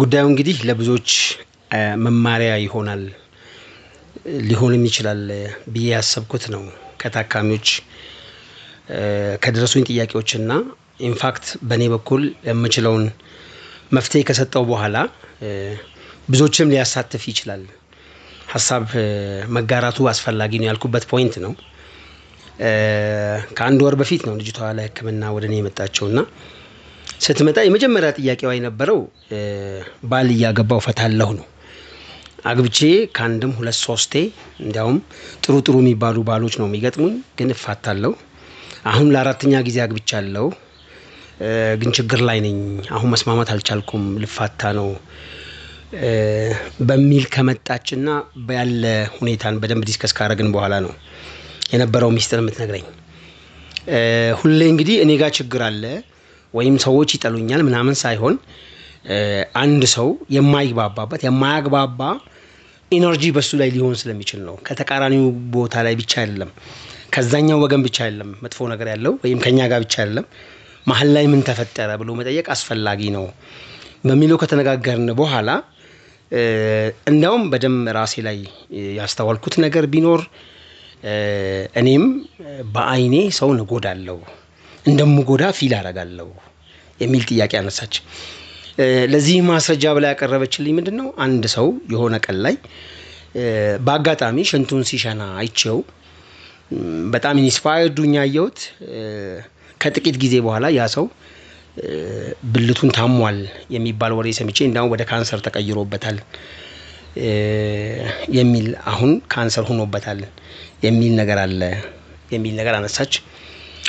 ጉዳዩ እንግዲህ ለብዙዎች መማሪያ ይሆናል ሊሆንም ይችላል ብዬ ያሰብኩት ነው። ከታካሚዎች ከደረሱኝ ጥያቄዎችና ኢንፋክት በእኔ በኩል የምችለውን መፍትሄ ከሰጠው በኋላ ብዙዎችም ሊያሳትፍ ይችላል። ሀሳብ መጋራቱ አስፈላጊ ነው ያልኩበት ፖይንት ነው። ከአንድ ወር በፊት ነው ልጅቷ ለሕክምና ወደ እኔ የመጣቸውና ስትመጣ የመጀመሪያ ጥያቄዋ የነበረው ባል እያገባው ፈታለሁ ነው። አግብቼ ከአንድም ሁለት ሶስቴ እንዲያውም ጥሩ ጥሩ የሚባሉ ባሎች ነው የሚገጥሙኝ፣ ግን እፋታለሁ። አሁን ለአራተኛ ጊዜ አግብቻለሁ፣ ግን ችግር ላይ ነኝ። አሁን መስማማት አልቻልኩም፣ ልፋታ ነው በሚል ከመጣችና ያለ ሁኔታን በደንብ ዲስከስ ካረግን በኋላ ነው የነበረው ሚስጥር የምትነግረኝ። ሁሌ እንግዲህ እኔ ጋር ችግር አለ ወይም ሰዎች ይጠሉኛል ምናምን ሳይሆን አንድ ሰው የማይግባባበት የማያግባባ ኢነርጂ በሱ ላይ ሊሆን ስለሚችል ነው። ከተቃራኒው ቦታ ላይ ብቻ አይደለም፣ ከዛኛው ወገን ብቻ አይደለም መጥፎ ነገር ያለው ወይም ከኛ ጋር ብቻ አይደለም። መሀል ላይ ምን ተፈጠረ ብሎ መጠየቅ አስፈላጊ ነው በሚለው ከተነጋገርን በኋላ እንዲያውም በደም ራሴ ላይ ያስተዋልኩት ነገር ቢኖር እኔም በአይኔ ሰውን እጎዳለሁ እንደምጎዳ ፊል አደርጋለሁ የሚል ጥያቄ አነሳች። ለዚህ ማስረጃ ብላ ያቀረበችልኝ ምንድን ነው? አንድ ሰው የሆነ ቀን ላይ በአጋጣሚ ሽንቱን ሲሸና አይቼው በጣም ኢንስፓየርድ ሆኜ ከጥቂት ጊዜ በኋላ ያ ሰው ብልቱን ታሟል የሚባል ወሬ ሰምቼ እንዳሁም ወደ ካንሰር ተቀይሮበታል የሚል አሁን ካንሰር ሆኖበታል የሚል ነገር አለ የሚል ነገር አነሳች።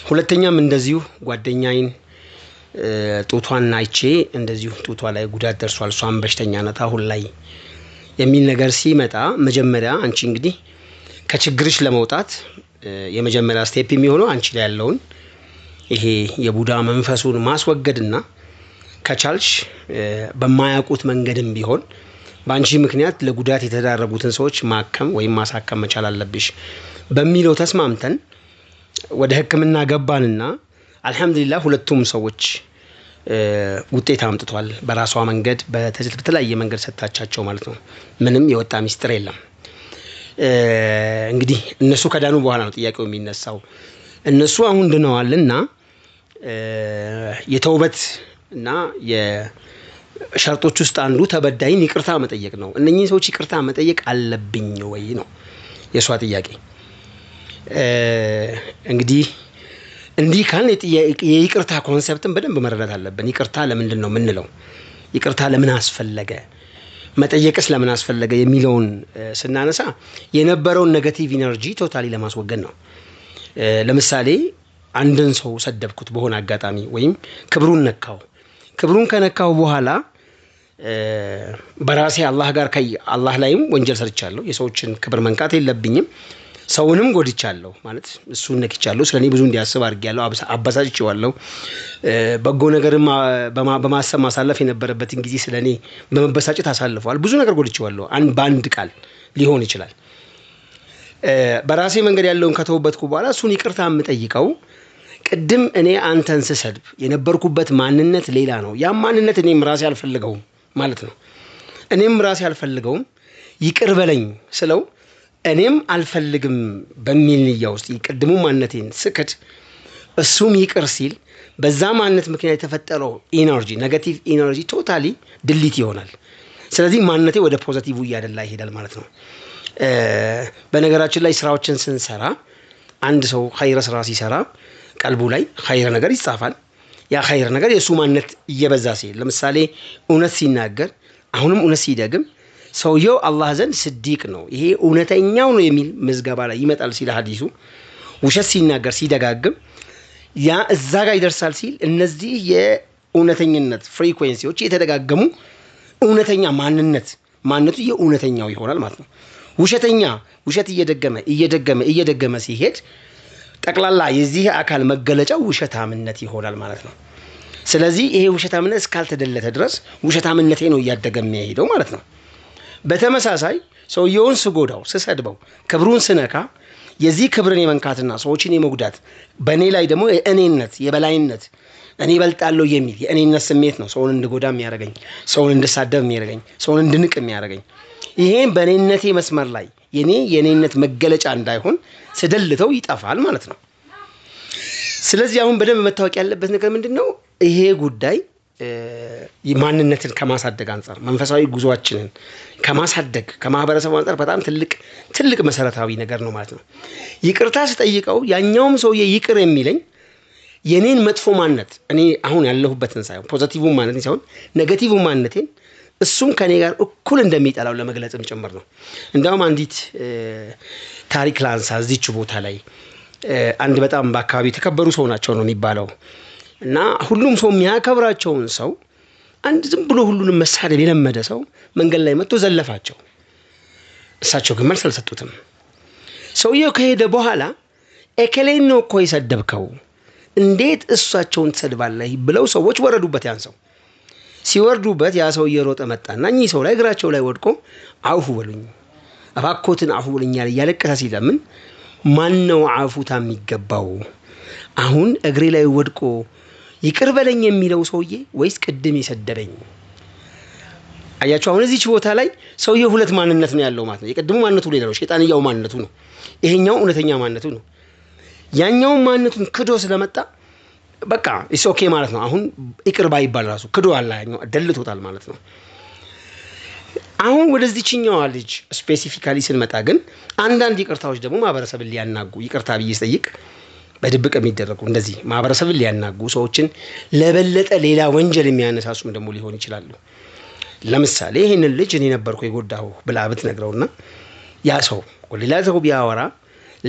ሁለተኛም እንደዚሁ ጓደኛዬን ጡቷን ናይቼ እንደዚሁ ጡቷ ላይ ጉዳት ደርሷል፣ እሷን በሽተኛ ናት አሁን ላይ የሚል ነገር ሲመጣ መጀመሪያ አንቺ እንግዲህ ከችግርሽ ለመውጣት የመጀመሪያ ስቴፕ የሚሆነው አንቺ ላይ ያለውን ይሄ የቡዳ መንፈሱን ማስወገድና ከቻልሽ በማያውቁት መንገድም ቢሆን በአንቺ ምክንያት ለጉዳት የተዳረጉትን ሰዎች ማከም ወይም ማሳከም መቻል አለብሽ በሚለው ተስማምተን ወደ ህክምና ገባንና አልሐምዱሊላ ሁለቱም ሰዎች ውጤት አምጥቷል። በራሷ መንገድ በተለያየ መንገድ ሰታቻቸው ማለት ነው። ምንም የወጣ ሚስጥር የለም። እንግዲህ እነሱ ከዳኑ በኋላ ነው ጥያቄው የሚነሳው። እነሱ አሁን ድነዋል እና የተውበት እና የሸርጦች ውስጥ አንዱ ተበዳይን ይቅርታ መጠየቅ ነው። እነኚህ ሰዎች ይቅርታ መጠየቅ አለብኝ ወይ ነው የእሷ ጥያቄ። እንግዲህ እንዲህ ካልን የይቅርታ ኮንሰፕትን በደንብ መረዳት አለብን። ይቅርታ ለምንድን ነው የምንለው? ይቅርታ ለምን አስፈለገ? መጠየቅስ ለምን አስፈለገ? የሚለውን ስናነሳ የነበረውን ኔጋቲቭ ኢነርጂ ቶታሊ ለማስወገድ ነው። ለምሳሌ አንድን ሰው ሰደብኩት በሆነ አጋጣሚ ወይም ክብሩን ነካው። ክብሩን ከነካው በኋላ በራሴ አላህ ጋር አላህ ላይም ወንጀል ሰርቻለሁ። የሰዎችን ክብር መንካት የለብኝም። ሰውንም ጎድቻለሁ ማለት እሱን ነክቻለሁ። ስለ እኔ ብዙ እንዲያስብ አድርጌያለሁ፣ አበሳጭቼዋለሁ። በጎ ነገርም በማሰብ ማሳለፍ የነበረበትን ጊዜ ስለ እኔ በመበሳጨት አሳልፈዋል። ብዙ ነገር ጎድቼዋለሁ። በአንድ ቃል ሊሆን ይችላል። በራሴ መንገድ ያለውን ከተውበትኩ በኋላ እሱን ይቅርታ የምጠይቀው ቅድም እኔ አንተን ስሰድብ የነበርኩበት ማንነት ሌላ ነው። ያም ማንነት እኔም ራሴ አልፈልገውም ማለት ነው። እኔም ራሴ አልፈልገውም፣ ይቅር በለኝ ስለው እኔም አልፈልግም በሚል ንያ ውስጥ ቅድሙ ማንነቴን ስክድ እሱም ይቅር ሲል በዛ ማንነት ምክንያት የተፈጠረው ኢነርጂ ኔጋቲቭ ኢነርጂ ቶታሊ ድሊት ይሆናል። ስለዚህ ማንነቴ ወደ ፖዘቲቭ እያደላ ይሄዳል ማለት ነው። በነገራችን ላይ ስራዎችን ስንሰራ አንድ ሰው ኸይረ ስራ ሲሰራ ቀልቡ ላይ ኸይረ ነገር ይጻፋል። ያ ኸይረ ነገር የእሱ ማንነት እየበዛ ሲሄድ፣ ለምሳሌ እውነት ሲናገር አሁንም እውነት ሲደግም ሰውየው አላህ ዘንድ ስዲቅ ነው፣ ይሄ እውነተኛው ነው የሚል ምዝገባ ላይ ይመጣል ሲል ሀዲሱ ውሸት ሲናገር ሲደጋግም ያ እዛ ጋር ይደርሳል ሲል እነዚህ የእውነተኝነት ፍሪኩዌንሲዎች የተደጋገሙ እውነተኛ ማንነት ማንነቱ የእውነተኛው ይሆናል ማለት ነው። ውሸተኛ ውሸት እየደገመ እየደገመ እየደገመ ሲሄድ ጠቅላላ የዚህ አካል መገለጫው ውሸታምነት ይሆናል ማለት ነው። ስለዚህ ይሄ ውሸታምነት እስካልተደለተ ድረስ ውሸታምነቴ ነው እያደገ የሚሄደው ማለት ነው። በተመሳሳይ ሰውየውን ስጎዳው፣ ስሰድበው፣ ክብሩን ስነካ የዚህ ክብርን የመንካትና ሰዎችን የመጉዳት በእኔ ላይ ደግሞ የእኔነት የበላይነት እኔ ይበልጣለሁ የሚል የእኔነት ስሜት ነው ሰውን እንድጎዳ የሚያደርገኝ፣ ሰውን እንድሳደብ የሚያደርገኝ፣ ሰውን እንድንቅ የሚያደርገኝ። ይሄም በእኔነቴ መስመር ላይ የኔ የእኔነት መገለጫ እንዳይሆን ስደልተው ይጠፋል ማለት ነው። ስለዚህ አሁን በደንብ መታወቅ ያለበት ነገር ምንድን ነው? ይሄ ጉዳይ ማንነትን ከማሳደግ አንጻር መንፈሳዊ ጉዞአችንን ከማሳደግ ከማህበረሰቡ አንጻር በጣም ትልቅ ትልቅ መሰረታዊ ነገር ነው ማለት ነው። ይቅርታ ስጠይቀው ያኛውም ሰውዬ ይቅር የሚለኝ የኔን መጥፎ ማንነት እኔ አሁን ያለሁበትን ሳይሆን ፖዘቲቭ ማንነቴን ሳይሆን ኔጋቲቭ ማንነቴን እሱም ከኔ ጋር እኩል እንደሚጠላው ለመግለጽም ጭምር ነው። እንዲያውም አንዲት ታሪክ ላንሳ እዚች ቦታ ላይ አንድ በጣም በአካባቢ የተከበሩ ሰው ናቸው ነው የሚባለው እና ሁሉም ሰው የሚያከብራቸውን ሰው አንድ ዝም ብሎ ሁሉንም መሳደብ የለመደ ሰው መንገድ ላይ መጥቶ ዘለፋቸው። እሳቸው ግን መልስ አልሰጡትም። ሰውየው ከሄደ በኋላ ኤከሌን ነው እኮ የሰደብከው፣ እንዴት እሳቸውን ትሰድባለህ ብለው ሰዎች ወረዱበት። ያን ሰው ሲወርዱበት ያ ሰው እየሮጠ መጣና እኚህ ሰው ላይ እግራቸው ላይ ወድቆ አውፉ በሉኝ እባኮትን አፉ ብልኛል እያለቀሰ ሲለምን ማን ነው አፉታ የሚገባው አሁን እግሬ ላይ ወድቆ ይቅር በለኝ የሚለው ሰውዬ ወይስ ቅድም የሰደበኝ? አያቸው። አሁን እዚች ቦታ ላይ ሰውዬ ሁለት ማንነት ነው ያለው ማለት ነው። የቅድሙ ማንነቱ ሌላ ነው፣ ሸይጣንያው ማንነቱ ነው። ይሄኛው እውነተኛ ማንነቱ ነው። ያኛውን ማንነቱን ክዶ ስለመጣ በቃ ኢስ ኦኬ ማለት ነው። አሁን ይቅር ባይባል ራሱ ክዶ አለ፣ ያኛው ደልቶታል ማለት ነው። አሁን ወደዚችኛዋ ልጅ ስፔሲፊካሊ ስንመጣ ግን አንዳንድ ይቅርታዎች ደግሞ ማህበረሰብን ሊያናጉ ይቅርታ ብዬ ስጠይቅ በድብቅ የሚደረጉ እንደዚህ ማህበረሰብን ሊያናጉ ሰዎችን ለበለጠ ሌላ ወንጀል የሚያነሳሱም ደግሞ ሊሆን ይችላሉ። ለምሳሌ ይህንን ልጅ እኔ ነበርኩ የጎዳሁ ብላ ብትነግረውና ያ ሰው ሌላ ሰው ቢያወራ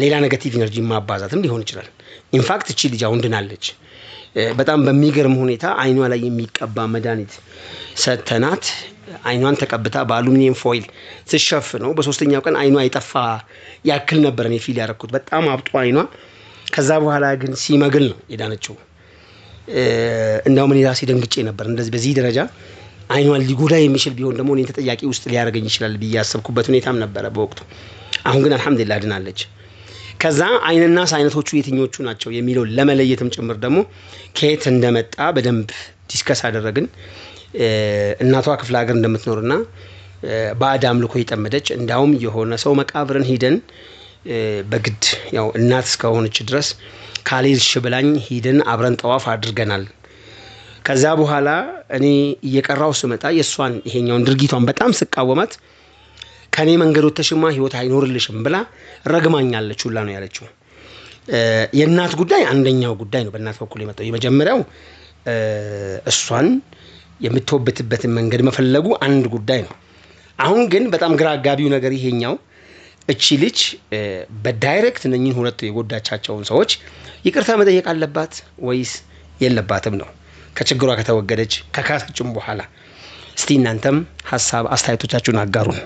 ሌላ ኔጋቲቭ ኢነርጂ ማባዛትም ሊሆን ይችላል። ኢንፋክት እቺ ልጅ አሁን ድናለች። በጣም በሚገርም ሁኔታ አይኗ ላይ የሚቀባ መድኃኒት ሰተናት አይኗን ተቀብታ በአሉሚኒየም ፎይል ስሸፍነው በሶስተኛው ቀን አይኗ የጠፋ ያክል ነበር እኔ ፊል ያደረኩት። በጣም አብጦ አይኗ ከዛ በኋላ ግን ሲመግል ነው የዳነችው። እንዳውም ምን ራሴ ደንግጬ ነበር። እንደዚህ በዚህ ደረጃ አይኗን ሊጎዳ የሚችል ቢሆን ደግሞ እኔን ተጠያቂ ውስጥ ሊያደርገኝ ይችላል ብዬ ያሰብኩበት ሁኔታም ነበረ በወቅቱ። አሁን ግን አልሐምዱሊላህ ድናለች። ከዛ አይንና አይነቶቹ የትኞቹ ናቸው የሚለው ለመለየትም ጭምር ደግሞ ከየት እንደመጣ በደንብ ዲስከስ አደረግን። እናቷ ክፍለ ሀገር እንደምትኖርና በአድ አምልኮ የጠመደች እንዳውም የሆነ ሰው መቃብርን ሂደን በግድ ያው እናት እስከሆነች ድረስ ካልሄድሽ ብላኝ ሂደን አብረን ጠዋፍ አድርገናል። ከዛ በኋላ እኔ እየቀራው ስመጣ የእሷን ይሄኛውን ድርጊቷን በጣም ስቃወማት ከእኔ መንገድ ወተሽማ ህይወት አይኖርልሽም ብላ ረግማኛለች ሁላ ነው ያለችው። የእናት ጉዳይ አንደኛው ጉዳይ ነው በእናት በኩል የመጣው። የመጀመሪያው እሷን የምትወበትበትን መንገድ መፈለጉ አንድ ጉዳይ ነው። አሁን ግን በጣም ግራ አጋቢው ነገር ይሄኛው እቺ ልጅ በዳይሬክት እነኝን ሁለቱ የጎዳቻቸውን ሰዎች ይቅርታ መጠየቅ አለባት ወይስ የለባትም ነው ከችግሯ ከተወገደች ከካሰችም በኋላ እስቲ እናንተም ሀሳብ አስተያየቶቻችሁን አጋሩን።